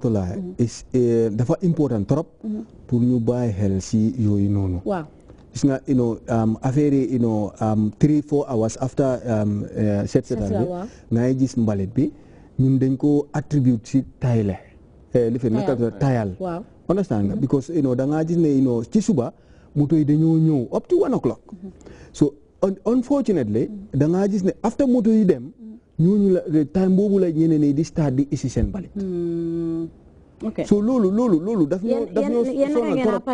Fatulaye mm-hmm. eh, dafa important trop mm-hmm. pour ñu bàyyi xel si yooyu noonu waaw gis nga you know um, affaire yi you know um, three after um, eh, set setal bi ngay gis mbalit bi ñun dañ ko attribute si tayle eh, li fi naka tayal understand mm-hmm. because you know da ngaa ne you ci suba moto yi dañoo ñëw up to one o'clock so unfortunately da ngaa ne after moto yi dem ñooñu la time boobu la ñeneen ñi di start di isi seen balit hmm. so loolu loolu loolu daf ñoo daf ñoo sonal trop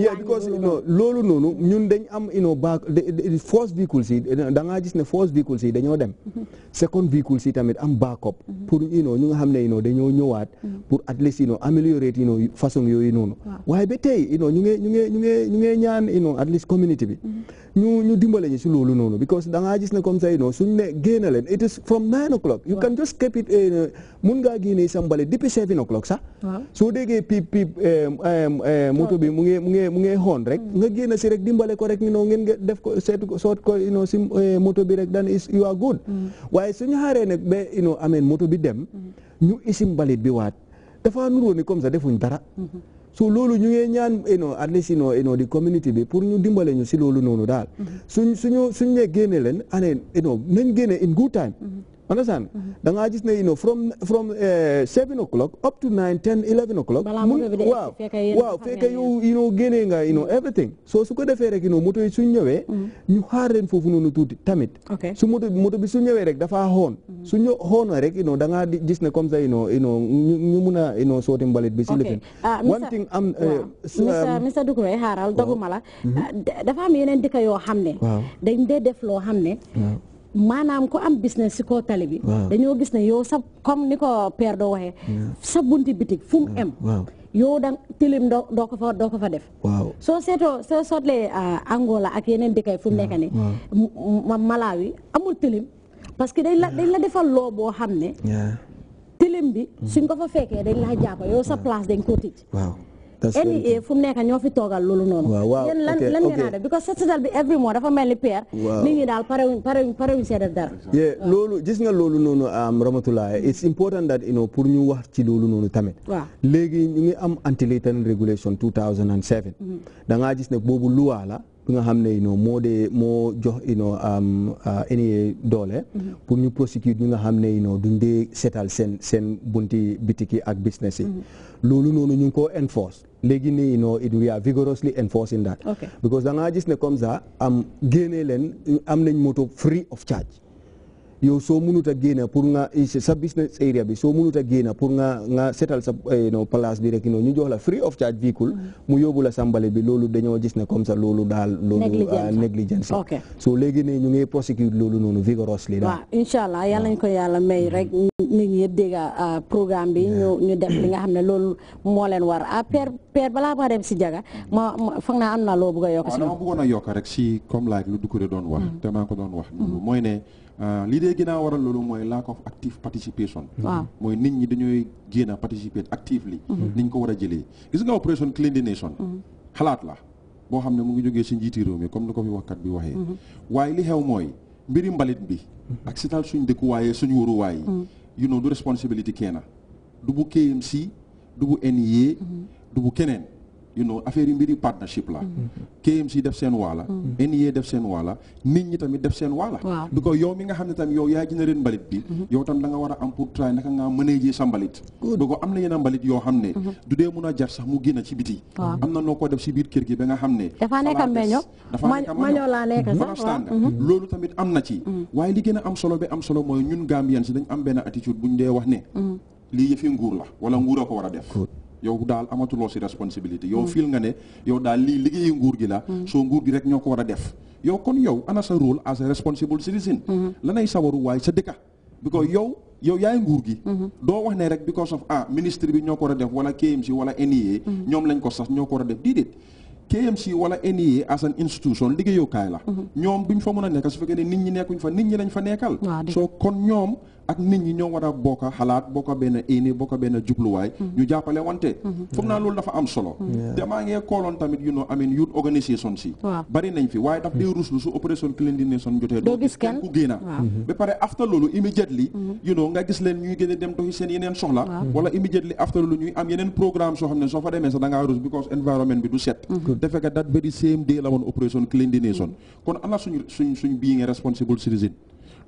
yeah because non loolu noonu ñun dañ am ino baak first vehicles yi da ngaa gis ne first vehicles si dañoo dem second vehicles si tamit am backup mhm. pour ino ñu nga xam ne ino dañoo ñëwaat mhm. pour at least ino améliorer ino façon yooyu noonu waaye ba tey ino ñu ngi ñu ñu ñaan ino at least community bi mhm. ñu ñu dimbale ñu si loolu noonu because da ngaa gis ne comme ça suñ ne génn leen it is from nine o'clock you can just keep it eh, mun ngaa génnee soo déggee piip piip moto bi mu ngi mu ngi mu ngi xoon rek nga génn si rek dimbale ko rek non ngeen def ko seet ko soot ko non si eh, moto bi rek dan is you are good mm. waaye suñu xaaree nag ba moto bi dem mm. ñu isi mbalit bi waat dafa nuroo ni comme ça defuñ dara mm-hmm. so loolu ñu ñaan eno at least eno eno bi pour ñu dimbale ñu si loolu noonu daal mm-hmm. su suñu suñ ne génne leen aneen eno nañ génne in good time mm-hmm. understand da ngaa gis ne you know from from eh, seven o'clock up to nine ten eleven o'clock waaw waaw fekk yow you know génnee nga you everything so su ko defee rek you know moto yi suñ ñëwee mm-hmm. ñu leen foofu noonu tuuti tamit su moto bi su ñëwee rek dafa xoon mm-hmm. su ñu xoona rek you know da ne comme ça you know you ñu mun a you know sooti mbalit bi si lifin ah, one a am eh, Mr um, Dukuré xaaral doguma mm-hmm. ah, dafa am yeneen dëkk yoo xam ne dañ dee def loo xam ne maanaam ku am business si koo tali bi dañoo gis ne yow sa comme ni ko père doo waxee sa bunti bitik fu mu em yow da tilim doo doo ko fa doo ko fa def soo seetoo soo sootlee ah, Angola ak yeneen dëkkay fu mu nekk ne Malawi amul tilim parce que dañ la dañ la defal loo boo xam ne tilim bi mm. suñ ko fa fekkee dañ laa jàpp yow sa place dañ koo tëj NIA eh, fu mu nekk ñoo fi toogal loolu noonu yéen lan lan ngeen a def bi every mois dafa mel ni peer nit ñi daal parewuñ parewuñ parewuñ see yee loolu gis nga loolu noonu am um, Ramatulaay it's important that you know pour ñu wax ci loolu noonu tamit waaw léegi ñu ngi am anti-latent regulation 2007 mm-hmm. da ngaa gis ne boobu luwaa la bi nga xam ne you moo dee moo jox you know any doole mhm. pour ñu prosecute ñi nga xam ne you know duñ dee seetal seen seen bunti bitiki ak business yi mhm. loolu noonu ñu ngi ko enforce léegi nii you know it we are vigorously enforcing that because da ngaa gis ne comme ça am génnee leen am nañ moto free of charge yow soo munut a génn pour nga eh, sa business area bi soo munut a génn pour nga nga setal sa eh, place bi rek non ñu jox la free of charge véhicule mm. mu yóbbu la sàmbale bi loolu dañoo gis ne comme ça loolu daal loolu ah, négligence la so léegi ne ñu ngi prosecute loolu noonu vigorously daal waaw incha allah yàlla ñu ko yàlla may mm-hmm. rek nit ñi yëpp dégg ah, programme bi ñu ñu def li nga xam ne loolu moo leen war a ah, père père balaa maa dem si jaga ma foog naa am na loo bëgg a yokk rek si comm laaj lu du mm. ko doon wax mm. li dee war a loolu mooy lack of active participation. waaw mm-hmm. mooy nit ñi dañooy génn a participer actively. Mm-hmm. ni ñu ko war a jëlee gis nga opération clean the nation. Mm-hmm. xalaat la boo xam ne mu ngi jógee si njiiti réew mi comme ni ko fi kat bi waxee. waaye li xew mooy mbiri mbalit bi. ak si taal suñ dëkkuwaayee suñu waruwaay yi. you know du responsibility kenn du bu KMC du bu NIA. E du bu keneen. you know affaire yi mbiri partnership la mm-hmm. KMC def seen waala mm-hmm. NIA e def seen waala nit ñi tamit def seen waala because yow mi nga xam ne tamit yow yaa gën a ren mbalit bi mm-hmm. yow tam da nga war a am pour try naka nga sa mbalit because am na yenn mbalit yoo xam ne du a jar sax mu génn ci biti na noo ko def si biir kër gi ba nga xam ne dafa nekk meño dafa nekk meño laa nekk sax loolu tamit am na ci waaye li gën a am solo ba am solo mooy ñun Gambian si dañ am benn attitude buñ dee wax ne lii yëfi nguur la wala nguur a ko war a def yow daal amatuloo si responsabilité yow mm. fiil nga ne yow daal lii liggéeyi nguur gi la mm. soo nguur gi rek ñoo ko war a def yow kon yow ana sa rôle as a responsible citizen mm-hmm. lanay sawaru waay sa dëkka because mm-hmm. yow yow yaay nguur gi mm-hmm. doo wax ne rek because of ah ministre bi ñoo ko war a def wala KMC wala NEA ñoom ko sax ñoo ko war a def déedéet KMC wala e as an institution liggéeyukaay la ñoom duñ fa mën a nekk su fekkee nit ñi nekkuñ fa nit ñi lañ fa nekkal soo kon ñoom ak nit ñi ñoo war a bokk xalaat bokk benn éni bokk benn jubluwaay mm-hmm. ñu jàppale wante mm-hmm. foog naa loolu dafa am solo mm-hmm. te maa kooloon tamit you know I youth organisation si bari nañ fi waaye daf dee ruslu su opération cleanliness jotee doo gis kenn ku pare after loolu immediately you know nga gis leen ñuy gën a dem doxi seen yeneen soxla wala immediately after loolu ñuy am yeneen programme soo xam ne soo fa demee sax da ngaa rus because environment bi du suñ suñ suñ bii nga responsible citizen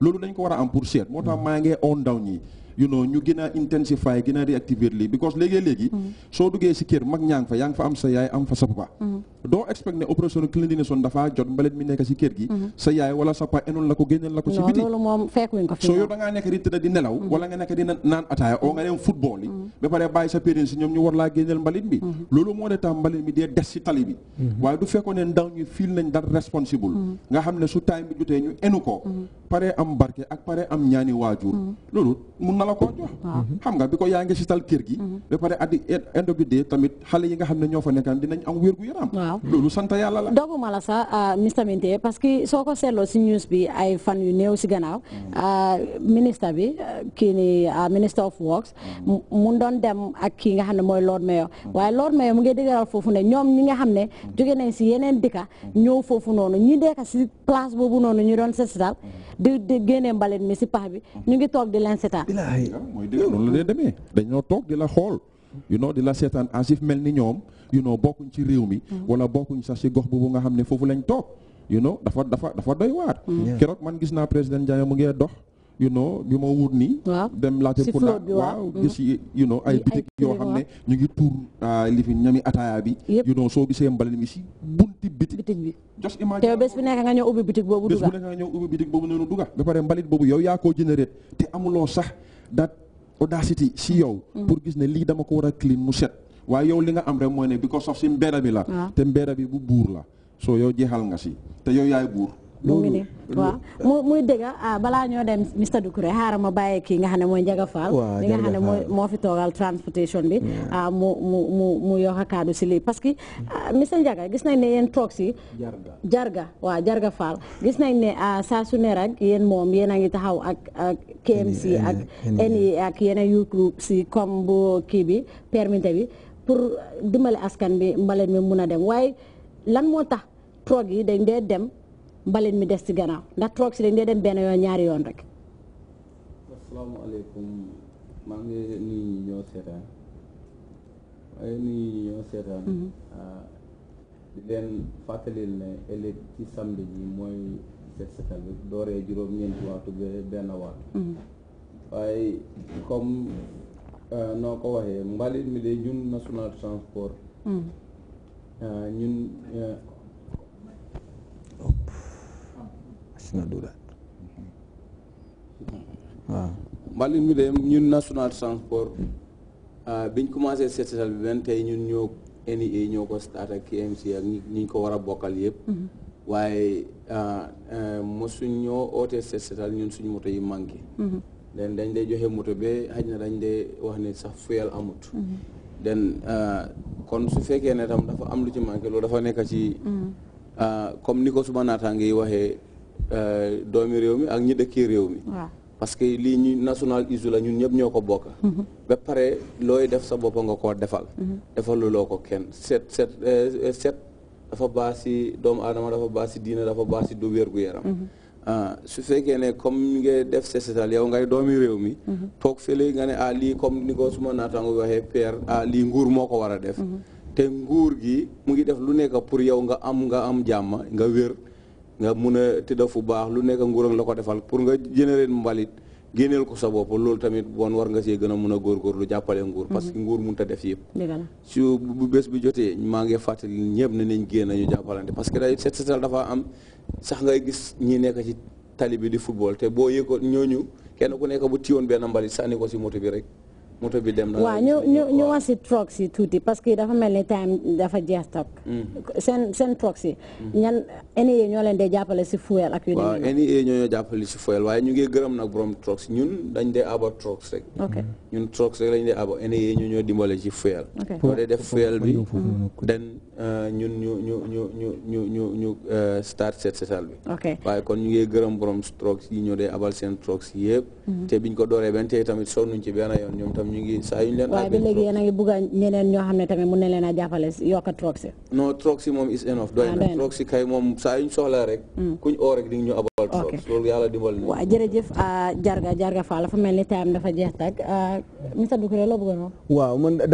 loolu dañ ko war a am pour moo tax maa ngi on ndaw ñi you know ñu gën a intensify gën a réactiver lii because léegi-léegi mm-hmm. soo duggee si kër mag ñaa fa yaa ngi fa am sa yaay am fa sa papa mm-hmm. doo expect ne opération cleanliness on dafaa jot mbalit mi nekk si kër gi mm-hmm. sa yaay wala sa papa enoon la ko génneel la ko si biti soo yow da ngaa nekk di tëdd di nelaw wala nga nekk di naan ataaya oo nga dem football yi ba pare bàyyi sa parents ñoom ñu war laa génneel mbalit bi loolu moo de tax mbalit mi dee des na la koo jox xam nga bi ko yaa ngi sital kër gi mm-hmm. ba pare addi end dee tamit xale yi nga xam ne ñoo fa nekkan dinañ am wér gu yaram loolu sant yàlla la doguma la euh, parce que soo ko seetloo si news bi ay fan yu néew si gannaaw mm. euh, ministre bi euh, kii ni minister of works mm. mun doon dem ak kii nga xam ne mooy Lord Mayor mm. waaye Lord Mayor mu ngi dëgëral foofu ne ñoom ñi nga xam ne jóge nañ si yeneen dëkka ñëw foofu noonu ñi dekka si place boobu noonu ñu doon seet si di di génnee mbalit mi si pax bi ñu ngi toog di leen seetaan. Ah, mooy dëgg loolu la dee demee dañoo toog di la xool you know di la seetaan as mel ni ñoom you know bokkuñ ci réew mi. Mm-hmm. wala bokkuñ sax si gox boobu nga xam ne foofu lañ toog yu know dafa dafa dafa doy waar. Mm-hmm. keroog man gis naa président Jammeh mu ngi dox. you know bi ma wut nii. dem laajte ku la waaw mm-hmm. gis you ay bitik yoo xam ne ñu ngi tuur ah, li fi ñami ataaya bi. you know soo gisee mbalit mi si bunti bitik. bitik bi just imagine te bés bu nekk nga ñëw ubbi bitik boobu duga bés bu nekk nga ñëw ubbi bitik boobu noonu duga ba pare mbalit boobu yow yaa koo généré te amuloo sax that audacity si yow. Mm. pour gis ne lii dama ko war a clean mu set. waaye yow li nga am rek mooy ne bi ko sof si mbedda bi la. te mbedda bi bu buur la soo yow jeexal nga si te yow yaay buur. mu ngi ne waaw mu muy dëgg ah balaa ñoo dem Mr Doucouré xaaral mau bàyyi kii nga xam mau mooy Njaga transportation bi ah mu mu mu mu yokk kaddu si lii Mr gis nai ne yang toog Jarga wah Jarga fal gis nai ne saa su ne rek yéen moom ak ak KMC e e ak NE e. ak yeneen yu groupe si comme kibi kii bi permité bi askan bi mbaleen mi mun dem lan moo tax dañ dem mbalit mi des ci gannaaw ndax toog si dañ dee dem benn yoon ñaari yoon rek. asalaamaaleykum maa ngi nuyu ñu ñoo seetaan waaye nuyu ñu ñoo seetaan. Mm-hmm. Ah, di leen fàttalil ne ëllëg ci samedi ji mooy set setal bi dooree juróom-ñeenti waxtu benn waxtu. Mm-hmm. waaye comme ah, noo ko waxee mbalit mi de ñun national transport. Mm-hmm. Ah, ñun. gonna do that. Hmm. waaw. mbalit mi de ñun national transport ah, biñ commencé seet seetal bi benn tey ñun ñoo NEA ñoo ko start ak KMC ak ñi ko war a bokkal yëpp. Hmm. waaye ah, eh, mosuñ ñoo ootee seet seetal ñun suñu moto yi manqué. Hmm. den dañ dee joxe moto be xaj na dañ dee wax ne sax fuyal amut. den ah, kon su fekkee ne tam dafa am lu ci manqué loolu dafa nekk ci. comme ni ko suma naataange yi Euh, doomi réew mi ak ñi dëkkee réew mi parce que lii ñu national isu la ñun ñëpp ñoo ko bokk mhm. ba pare looy def sa bopp nga ko defal mhm. defaluloo ko kenn set set euh, euh, set dafa baax si doomu aadama dafa baax si diine dafa baax si du wér-gu-yaram mhm. ah, su fekkee ne comme nga def sesetal yow ngay doomi réew mi toog fële nga ne ah, ah lii nguur moo ko war a def te nguur gi mu ngi def lu nekk pour yow nga am nga am jàmm nga wér nga mun a tëdda fu baax lu nekk nguuram la ko defal pour nga généré mbalit génneel ko sa bopp loolu tamit bon war nga see gën a mun a góorgóorlu jàppale nguur parce que mhm. nguur mun ta def yëpp su bu bés bi jotee maa ngi fàttali ñëpp ne nañ génn ñu jàppalante parce day set setal dafa am sax ngay gis ñi nekk ci tali bi di football te boo yëg ko ñooñu kenn ku nekk bu tiyoon benn mbalit sànni ko si moto bi rek moto bi dem na waaw ñu ñu ñu wax si truck si tuuti parce que dafa mel ni time dafa jeex tak mm. seen seen truck si mm. ñan NIA e ñoo leen dee jàppale si fuel ak yu waaw NIA e ñoo jàppale si fuel waaye ñu ngi gërëm nag borom truck si ñun dañ dee aba truck rek ñun truck rek lañ dee aba e NIA ñoo ñoo bi den euh, ñun ñu ñu ñu ñu ñu ñu ñu euh, start set setal bi waaye kon ñu ngi gërëm borom truck yi dee abal seen truck yëpp mm-hmm. te biñ ko dooree benn tey tamit sonnuñ ci benn yoon ñoom tam ñu ngi saa yu ñu leen. waaye ba léegi yéen a ngi bugg a ñeneen ñoo xam ne tamit mun na leen a jàppale yokk a troxi. non troxi moom is enough. doy ah, na kay moom saa yu ñu rek. Hmm. kuñ oo rek di ñu abal trox. loolu yàlla dimbal na. waaw jërëjëf ah, Jarga Jarga Fall dafa mel ni time dafa jeex tag ah, Mr Dukkure loo bëggoon wax. waaw man